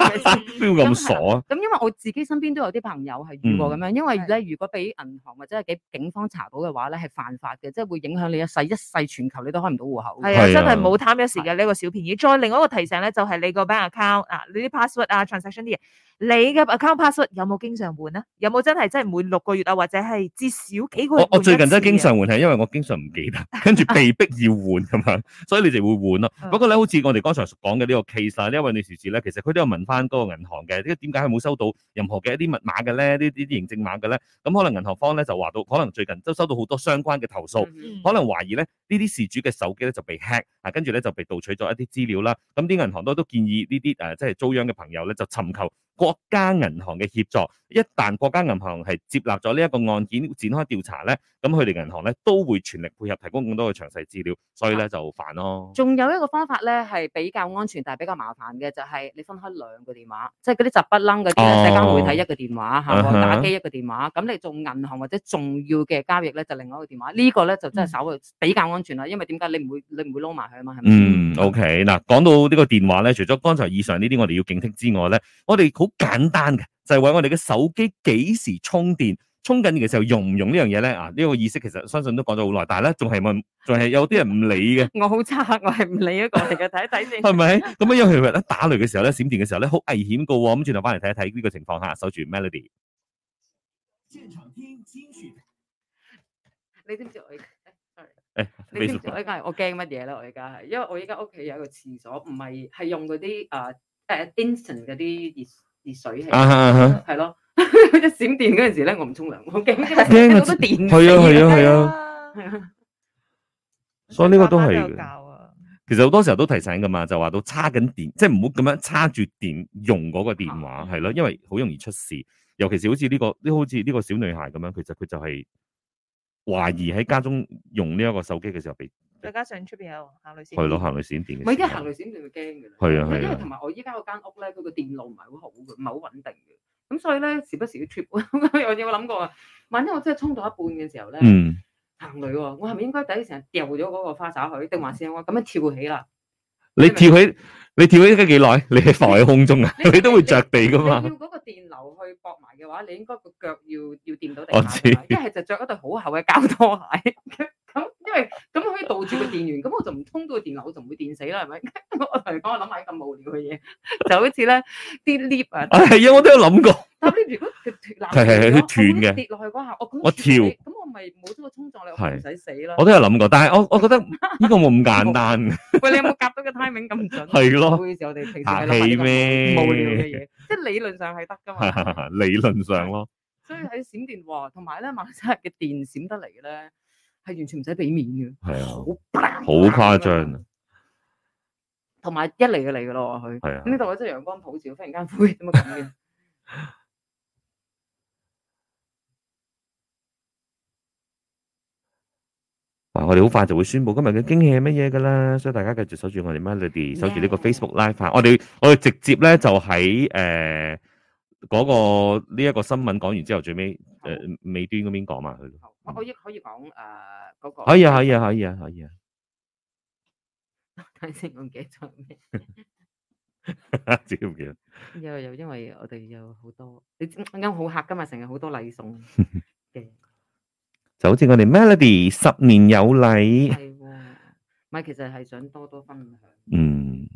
邊有咁傻啊？咁因為我自己身邊都有啲朋友係遇過咁樣，因為咧如果俾銀行或者係俾警方查到嘅話咧係犯法嘅。即係會影響你一世，一世全球你都開唔到戶口。係啊，真係冇貪一時嘅呢個小便宜。再另外一個提醒咧，就係、是、你個 bank account 啊，area, 你啲 password 啊，transaction 啲嘢，你嘅 account password 有冇經常換啊？有冇真係真係每六個月啊，或者係至少幾個月、啊我？我最近真係經常換，係因為我經常唔記得，跟住被逼要換咁樣， <laughs> 所以你哋會換咯。 <laughs> 不過咧，好似我哋剛才講嘅呢個 case 啊，呢位女士士咧，其實佢都有問翻嗰個銀行嘅，點解點解佢冇收到任何嘅一啲密碼嘅咧？呢呢啲認證碼嘅咧？咁可能銀行方咧就話到，可能最近都收到好多相關嘅投訴。可能懷疑呢。呢啲事主嘅手機咧就被 hack，啊跟住咧就被盜取咗一啲資料啦。咁、嗯、啲銀行都都建議呢啲誒即係遭殃嘅朋友咧就尋求國家銀行嘅協助。一旦國家銀行係接納咗呢一個案件展開調查咧，咁佢哋銀行咧都會全力配合提供更多嘅詳細資料。所以咧就煩咯。仲有一個方法咧係比較安全但係比較麻煩嘅就係、是、你分開兩個電話，即係嗰啲雜不楞嗰啲社交媒體一個電話嚇，啊、哈打機一個電話。咁你做銀行或者重要嘅交易咧就另外一個電話。這個、呢個咧就真係稍微比較安。安全啦，因為點解你唔會你唔會撈埋佢啊嘛？係咪？嗯，OK 嗱，講到呢個電話咧，除咗剛才以上呢啲我哋要警惕之外咧，我哋好簡單嘅就係、是、為我哋嘅手機幾時充電，充緊嘅時候用唔用呢樣嘢咧？啊，呢個意識其實相信都講咗好耐，但係咧仲係問，仲係有啲人唔理嘅。 <laughs> 我好差，我係唔理一個嚟嘅，睇一睇先。係、嗯、咪？咁啊，尤其係咧打雷嘅時候咧，閃電嘅時候咧，好危險噶、哦。咁轉頭翻嚟睇一睇呢個情況下，守住 melody。現場聽精選。你知你呢時我驚乜嘢咧？我而家係，因為我而家屋企有一個廁所，唔係係用嗰啲誒誒，instant 嗰啲熱熱水器，係、uh huh. 咯，一閃電嗰陣時咧，我唔沖涼，我驚，驚好多電，係啊係啊係啊，啊啊 <laughs> 所以呢個都係嘅。其實好多時候都提醒噶嘛，就話到叉緊電，即係唔好咁樣叉住電用嗰個電話，係、uh huh. 咯，因為好容易出事。尤其是好似呢、這個，呢好似呢個小女孩咁樣，其實佢就係、是。懷疑喺家中用呢一個手機嘅時候被，再加上出邊有行雷閃，係攞行雷閃電嘅，唔係即係行雷閃電會驚嘅。係啊係啊，因為同埋我依家嗰間屋咧，佢個電路唔係好好嘅，唔係好穩定嘅。咁所以咧，時不時要 trip。我有冇諗過啊？萬一我真係沖到一半嘅時候咧，行雷喎，我係咪應該第一時間掉咗嗰個花灑去，定還是我咁樣跳起啦？你跳起，你跳起應該幾耐？你係浮喺空中啊？你都會着地噶嘛？你要嗰個電流。去搏埋嘅話，你 <noise> 應該個腳要要掂到地下，一係就着一對好厚嘅膠拖鞋。咁因為咁可以導致個電源，咁我就唔通到個電流，我就唔會電死啦，係咪？ <laughs> 我同你講，我諗下咁無聊嘅嘢，就好似咧啲 lift 啊，係啊、 <laughs> <laughs> 哎，我都有諗過。但係 <noise> 如果佢斷嘅跌落去嗰下我 them, <noise> 呃，我跳。係冇咗個衝撞力，唔使死啦。我都有諗過，但係我我覺得呢個冇咁簡單。喂，你有冇夾到個 timing 咁準？係咯，做嘅時候，我哋平時係諗氣咩無聊嘅嘢，即係理論上係得噶嘛。理論上咯。所以喺閃電話，同埋咧馬上嘅電閃得嚟咧，係完全唔使俾面嘅。係啊，好，好誇張啊！同埋一嚟就嚟嘅咯，佢。咁呢度我真係陽光普照，忽然間烏雲咁多。我哋好快就會宣布今日嘅驚喜係乜嘢噶啦，所以大家繼續守住我哋 Melody，守住呢個 Facebook Live 化。我哋我哋直接咧就喺誒嗰個呢一個新聞講完之後，最尾誒尾端嗰邊講埋佢。我可依可以講誒嗰個？可以啊，可以啊，可以啊，可以啊。睇先，我記錯咩？唔記得。又又因為我哋有好多，你啱好客噶嘛，成日好多禮送嘅。就好似我哋 Melody 十年有禮，係咪？其實係想多多分享。嗯。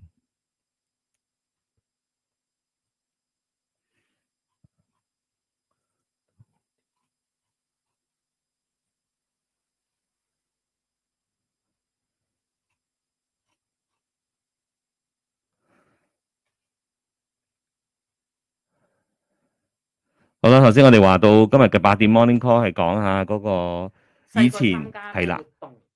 好啦，頭先我哋話到今日嘅八點 morning call 係講下嗰個以前係啦，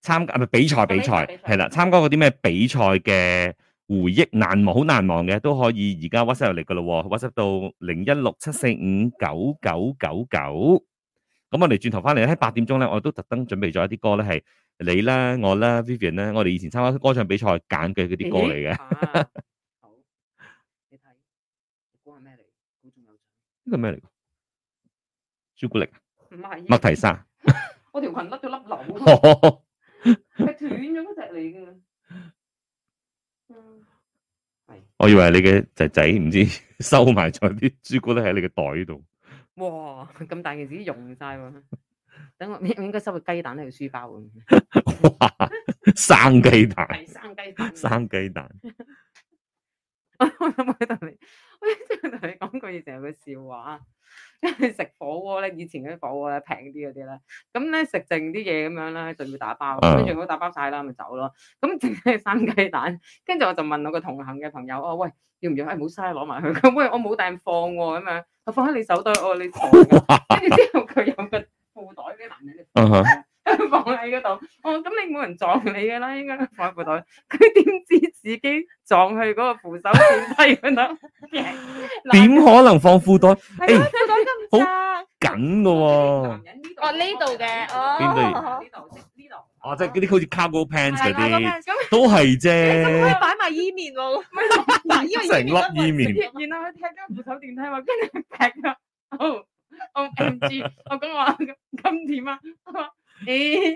參加唔係比賽比賽係啦，參加嗰啲咩比賽嘅回憶難忘，好難忘嘅都可以，而家 WhatsApp 入嚟噶咯，WhatsApp 到零一六七四五九九九九。咁我哋轉頭翻嚟咧，喺八點鐘咧，我都特登準備咗一啲歌咧，係你啦、我啦、Vivian 咧，我哋以前參加歌唱比賽揀嘅嗰啲歌嚟嘅。好，你睇你估下咩嚟？呢個咩嚟？朱古力，麥提莎，我條裙甩咗粒鈕，係斷咗嗰隻嚟嘅。係，我以為你嘅仔仔唔知收埋咗啲朱古力喺你嘅袋度。哇，咁大件事融晒喎！等我，我應該收個雞蛋喺個書包咁。哇，生雞蛋，生雞蛋，生雞蛋。我諗起同你，我一直同你講句嘢，成日個笑話，因為食火鍋咧，以前啲火鍋咧平啲嗰啲咧，咁咧食剩啲嘢咁樣啦，就要打包，跟住我打包晒啦，咪走咯。咁淨係生雞蛋，跟住我就問我個同行嘅朋友，哦喂，要唔要？誒，冇嘥，攞埋佢。咁喂，我冇蛋放喎，咁樣佢放喺你手袋，我你袋。跟住之後佢有個布袋俾男人。嗯哼。撞你嘅啦，應該放喺褲袋。佢點知自己撞去嗰個扶手電梯嗰度？點可能放褲袋？係啊，褲袋咁好緊嘅喎。哦呢度嘅哦，呢度哦，即係嗰啲好似 cargo pants 嗰啲，都係啫。咁咪擺埋意麵咯，成粒意麵。然後踢個扶手電梯話跟住劈啦。哦，O M G！我咁話咁點啊？你？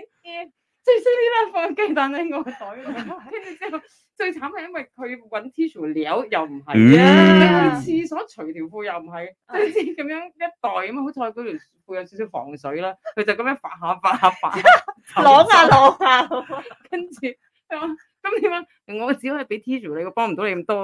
最細啲啦，放雞蛋喺我袋度，跟住之後最慘係，因為佢搵 tissue 料又唔係，Yeah. 廁所除條褲又唔係，你知咁樣一袋咁好彩嗰條褲有少少防水啦，佢就咁樣翻下翻下翻，攞下攞下，跟住咁。咁點樣？我只可以俾 Tzu 你，我幫唔到你咁多，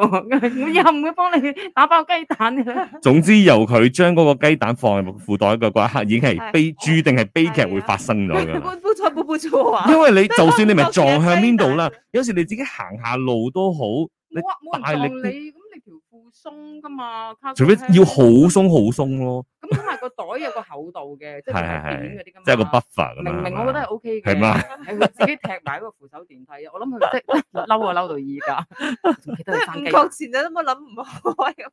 我又唔會幫你打爆個雞蛋嘅。總之由佢將嗰個雞蛋放入褲袋嗰一刻，已經係悲注定係悲劇會發生咗嘅。半杯茶，半杯茶啊！因為你就算你咪撞向邊度啦，有時你自己行下路都好。你大力你咁，你條褲鬆噶嘛？除非要好鬆好鬆咯。咁係個袋有個厚度嘅，即係電線嗰啲咁，即係個 buffer。明明我覺得係 OK 嘅。係嘛？係佢自己踢埋嗰個扶手電梯。我諗佢即係嬲啊，嬲到而家。唔覺前仔都冇諗唔開咁，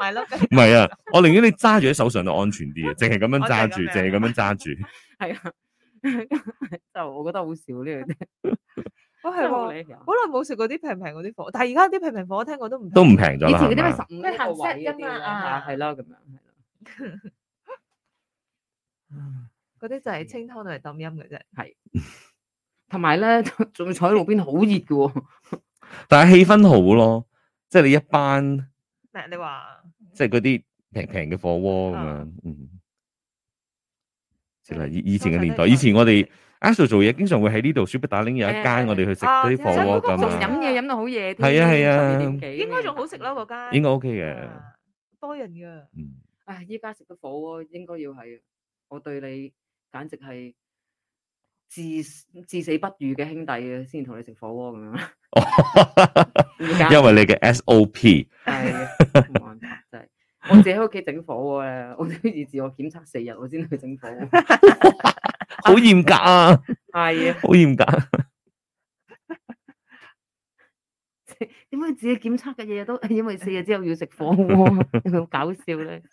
埋唔係啊！我寧願你揸住喺手上都安全啲啊！淨係咁樣揸住，淨係咁樣揸住。係啊，就我覺得好少呢樣嘢。我係好耐冇食過啲平平嗰啲貨，但係而家啲平平貨，我聽過都唔都唔平咗。以前嗰啲咪十五蚊一個 set 係咯咁樣。嗰啲就係清湯定嚟浸音嘅啫，係同埋咧，仲要坐喺路邊好熱嘅，但係氣氛好咯，即係你一班咩？你話即係嗰啲平平嘅火鍋咁樣？嗯，食啦，以以前嘅年代，以前我哋阿 Sir 做嘢，經常會喺呢度，雪碧打領有一間我哋去食啲火鍋噶仲飲嘢飲到好夜，係啊係啊，應該仲好食啦嗰間，應該 OK 嘅，多人嘅。嗯。唉！依家食得火鍋、哦，應該要係我對你，簡直係至至死不渝嘅兄弟啊、哦，先同你食火鍋咁樣。 <laughs> 是因為你嘅 SOP 係，我自己喺屋企整火鍋、哦、咧，我都要自我檢測四日、哦，我先去整火鍋，好嚴格啊！係 <laughs> <laughs> 啊， <laughs> 好嚴格、啊。點 <laughs> 解 <laughs> 自己檢測嘅嘢都因為四日之後要食火鍋，好搞笑咧～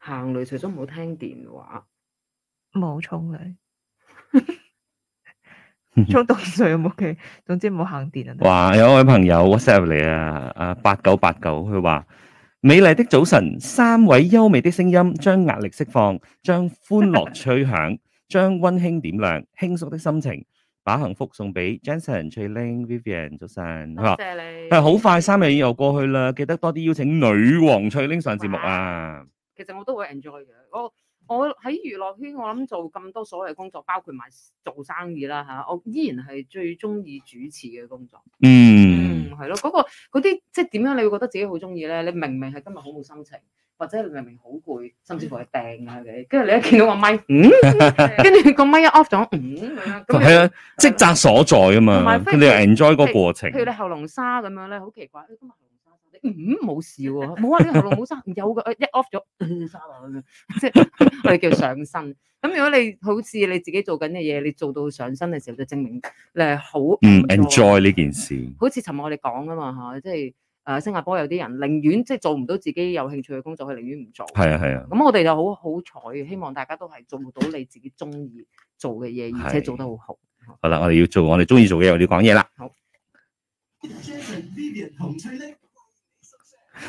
行雷，除咗冇聽電話，冇沖涼，沖凍水有冇嘅？總之冇行電啊！哇，有一位朋友 WhatsApp 你啊，阿八九八九佢話：美麗的早晨，三位優美的聲音，將壓力釋放，將歡樂吹響，將温馨點亮，輕鬆的心情，把幸福送俾 Jason、翠玲、Vivian。早晨，多謝你。係好快，三日又過去啦，記得多啲邀請女王翠玲上節目啊！其實我都會 enjoy 嘅，我我喺娛樂圈，我諗做咁多所謂工作，包括埋做生意啦嚇，我依然係最中意主持嘅工作。嗯，係咯，嗰個嗰啲即係點樣？你會覺得自己好中意咧？你明明係今日好冇心情，或者明明好攰，甚至乎係病啊嘅，跟住你一見到個麥，嗯，跟住個麥一 off 咗，嗯咁樣。係啊，職責所在啊嘛，你又 enjoy 個過程。譬如你喉嚨沙咁樣咧，好奇怪。今日。嗯，冇事喎，冇啊，你喉嚨冇沙，有噶，一 off 咗沙啦，即係我哋叫上身。咁如果你好似你自己做緊嘅嘢，你做到上身嘅時候，就證明你係好嗯 enjoy 呢件事。好似尋日我哋講啊嘛，吓，即係誒，新加坡有啲人寧願即係做唔到自己有興趣嘅工作，佢寧願唔做。係啊係啊。咁我哋就好好彩，希望大家都係做到你自己中意做嘅嘢，而且做得好好。好啦，我哋要做，我哋中意做嘅嘢，我哋講嘢啦。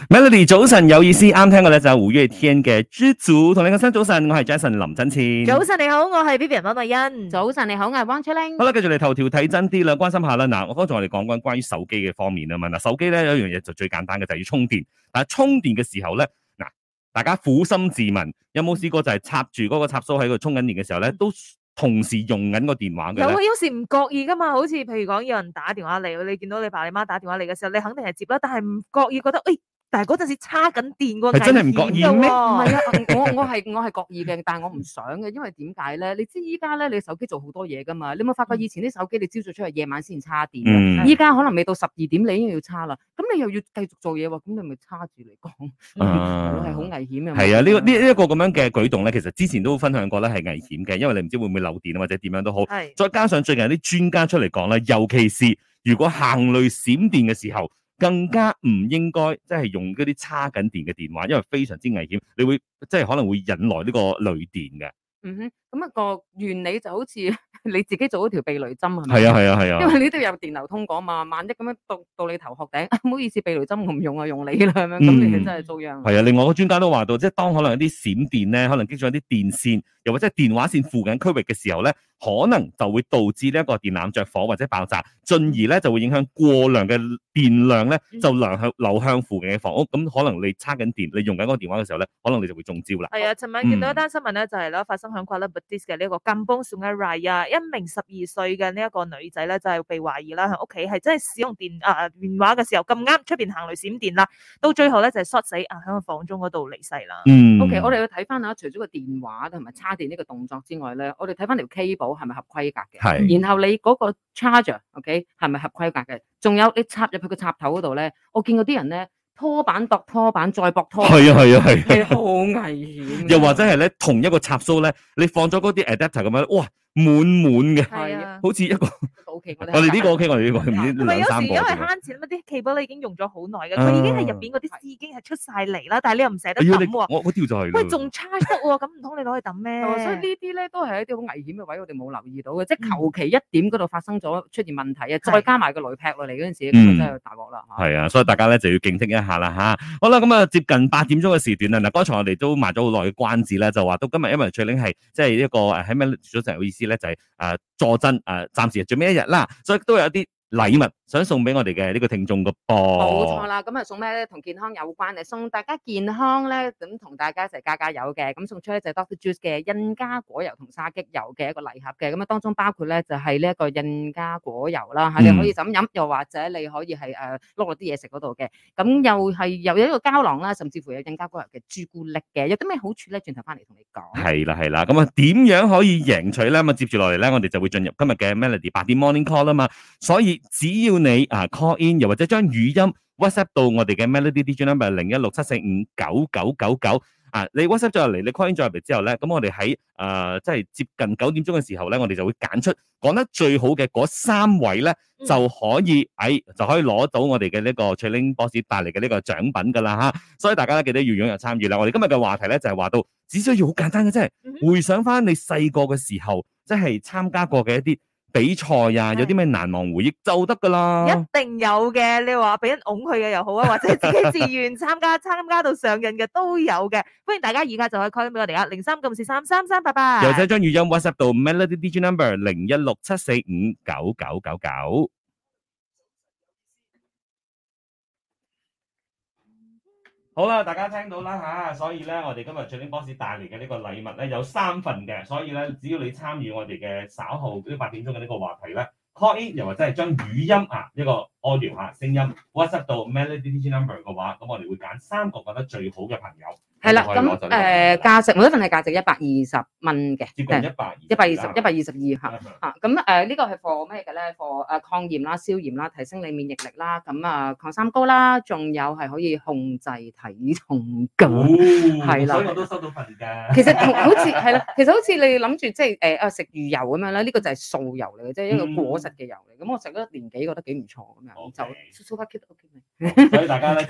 Melody 早晨有意思啱聽嘅咧就胡月天嘅珠組同你嘅新早晨，我係 Jason 林真千。早晨你好，我係 Vivian 馬慧欣。早晨你好，我係汪秋玲。好啦，繼續嚟頭條睇真啲啦，關心下啦。嗱，我剛才我哋講緊關於手機嘅方面啊嘛。嗱，手機咧有一樣嘢就最簡單嘅就係、是、要充電，但係充電嘅時候咧，嗱，大家苦心自問有冇試過就係插住嗰個插蘇喺度充緊電嘅時候咧，都同時用緊個電話嘅。有有時唔覺意噶嘛，好似譬如講有人打電話嚟，你見到你爸你媽打電話嚟嘅時候，你肯定係接啦，但係唔覺意覺得誒。哎但係嗰陣時差緊電嗰陣時，係真係唔覺意咩？係啊， <laughs> 我我係我係覺意嘅，但係我唔想嘅，因為點解咧？你知依家咧，你手機做好多嘢噶嘛？你有冇發覺以前啲手機你朝早出嚟，夜晚先差電？嗯，依家可能未到十二點，你已經要差啦。咁你又要繼續做嘢喎？咁你咪差住嚟講，係好危險嘅。係啊，呢、 <laughs> 啊這個呢呢一個咁樣嘅舉動咧，其實之前都分享過咧，係危險嘅，因為你唔知會唔會漏電或者點樣都好。是再加上最近啲專家出嚟講咧，尤其是如果行雷閃電嘅時候，更加唔應該，即係用嗰啲叉緊電嘅電話，因為非常之危險，你會即係可能會引來呢個雷電嘅。嗯哼咁一個原理就好似你自己做一條避雷針係咪？係啊係啊係啊，因為呢啲有電流通過嘛，萬一咁樣到到你頭殼頂，唔、啊、好意思避雷針唔用啊，用你啦咁樣，咁你嘅真係遭殃。係啊，另外個專家都話到，即係當可能一啲閃電咧，可能擊中一啲電線，又或者電話線附近區域嘅時候咧，可能就會導致呢一個電纜着火或者爆炸，進而咧就會影響過量嘅電量咧，就流向流向附近嘅房屋，咁可能你叉緊電，你用緊嗰個電話嘅時候咧，可能你就會中招啦。係啊、嗯，尋晚見到一單新聞咧，就係啦，發生喺 Kuala 嘅呢一個金光閃嘅雷啊！一名十二歲嘅呢一個女仔咧，就係、是、被懷疑啦，喺屋企係真係使用電啊電話嘅時候咁啱出邊行雷閃電啦，到最後咧就係、是、摔死啊，喺個房中嗰度離世啦。嗯，OK，我哋要睇翻啊，除咗個電話同埋叉電呢個動作之外咧，我哋睇翻條 cable 係咪合規格嘅？係是。然後你嗰個 charger OK 係咪合規格嘅？仲有你插入去個插頭嗰度咧，我見過啲人咧。拖板度拖板再搏拖板，係啊係，啊係啊，好危險。又或者係咧同一個插蘇咧，你放咗嗰啲 adapter 咁樣，哇！滿滿嘅，係啊，好似一個。我哋呢個 OK，我哋呢個唔係有時因為慳錢嘛，啲氣泡咧已經用咗好耐嘅，佢已經係入邊嗰啲絲已經係出晒嚟啦。但係你又唔捨得你喎，我我掉咗去。喂，仲差忽喎，咁唔通你攞去抌咩？所以呢啲咧都係一啲好危險嘅位，我哋冇留意到嘅，即係求其一點嗰度發生咗出現問題啊，再加埋個雷劈落嚟嗰陣時，咁真係大鑊啦吓。係啊，所以大家咧就要警惕一下啦吓。好啦，咁啊接近八點鐘嘅時段啦，嗱剛才我哋都賣咗好耐嘅關子咧，就話到今日，因為翠玲係即係一個誒喺咩咗成好意思。啲咧就係誒坐陣誒，暫時係最尾一日啦，所以都有一啲禮物。想送俾我哋嘅呢個聽眾個波，冇錯啦。咁啊送咩咧？同健康有關嘅，送大家健康咧，咁同大家一齊加加油嘅。咁送出一隻 Dr. Juice 嘅印加果油同沙棘油嘅一個禮盒嘅。咁啊當中包括咧就係呢一個印加果油啦，吓你可以飲飲，又或者你可以係誒碌落啲嘢食嗰度嘅。咁又係又有一個膠囊啦，甚至乎有印加果油嘅朱古力嘅。有啲咩好處咧？轉頭翻嚟同你講。係啦係啦，咁啊點樣可以贏取咧？咁啊接住落嚟咧，我哋就會進入今日嘅 Melody 八點 Morning Call 啊嘛。所以只要你啊 call in，又或者將語音 WhatsApp 到我哋嘅 melody DJ number 零一六七四五九九九九啊，你 WhatsApp 咗入嚟，你 call in 咗入嚟之後咧，咁我哋喺誒即係接近九點鐘嘅時候咧，我哋就會揀出講得最好嘅嗰三位咧，就可以喺、哎、就可以攞到我哋嘅呢個 training boss 帶嚟嘅呢個獎品噶啦吓，所以大家咧記得要踴躍參與啦。我哋今日嘅話題咧就係、是、話到，只需要好簡單嘅，即係回想翻你細個嘅時候，即係參加過嘅一啲。比賽呀，有啲咩難忘回憶就得噶啦，一定有嘅。你話俾人㧬去嘅又好啊，或者自己自願參加，參加到上癮嘅都有嘅。歡迎大家而家就可以 call 俾我哋啊，零三九四三三三八八。或者將語音 WhatsApp 到 Melody DJ Number 零一六七四五九九九九。好啦，大家聽到啦嚇、啊，所以呢，我哋今日 Chief Boss 帶嚟嘅呢個禮物呢，有三份嘅，所以呢，只要你參與我哋嘅稍後呢八點鐘嘅呢個話題呢 call in 又或者係將語音啊一、這個。開聊下聲音，音，WhatsApp 到 melody number 嘅話，咁我哋會揀三個覺得最好嘅朋友。係啦了，咁誒、呃、價值每一份係價值一百二十蚊嘅，接近一百一百二十，一百二十二吓吓。咁誒呢個係個咩嘅咧？個誒抗炎啦、消炎啦、提升你免疫力啦，咁啊抗三高啦，仲有係可以控制體重嘅。係啦、哦，的所以我都收到份嘅實。 <laughs> 其實好似係啦，其實好似你諗住即係誒啊食魚油咁樣咧，呢、這個就係素油嚟嘅，即係一個果實嘅油嚟。咁、嗯嗯、我食咗年幾，覺得幾唔錯咁啊。好走，所以大家咧，就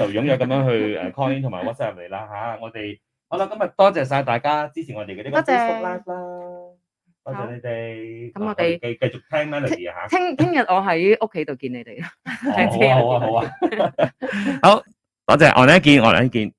踴躍咁樣去誒 call in、同埋 WhatsApp 嚟啦吓，我哋好啦，今日多謝晒大家支持我哋呢個，多謝啦，多謝你哋，咁我哋繼繼續聽啦嚟下，聽聽日我喺屋企度見你哋，好啊好啊好啊，好，多謝，我哋一見我哋一見。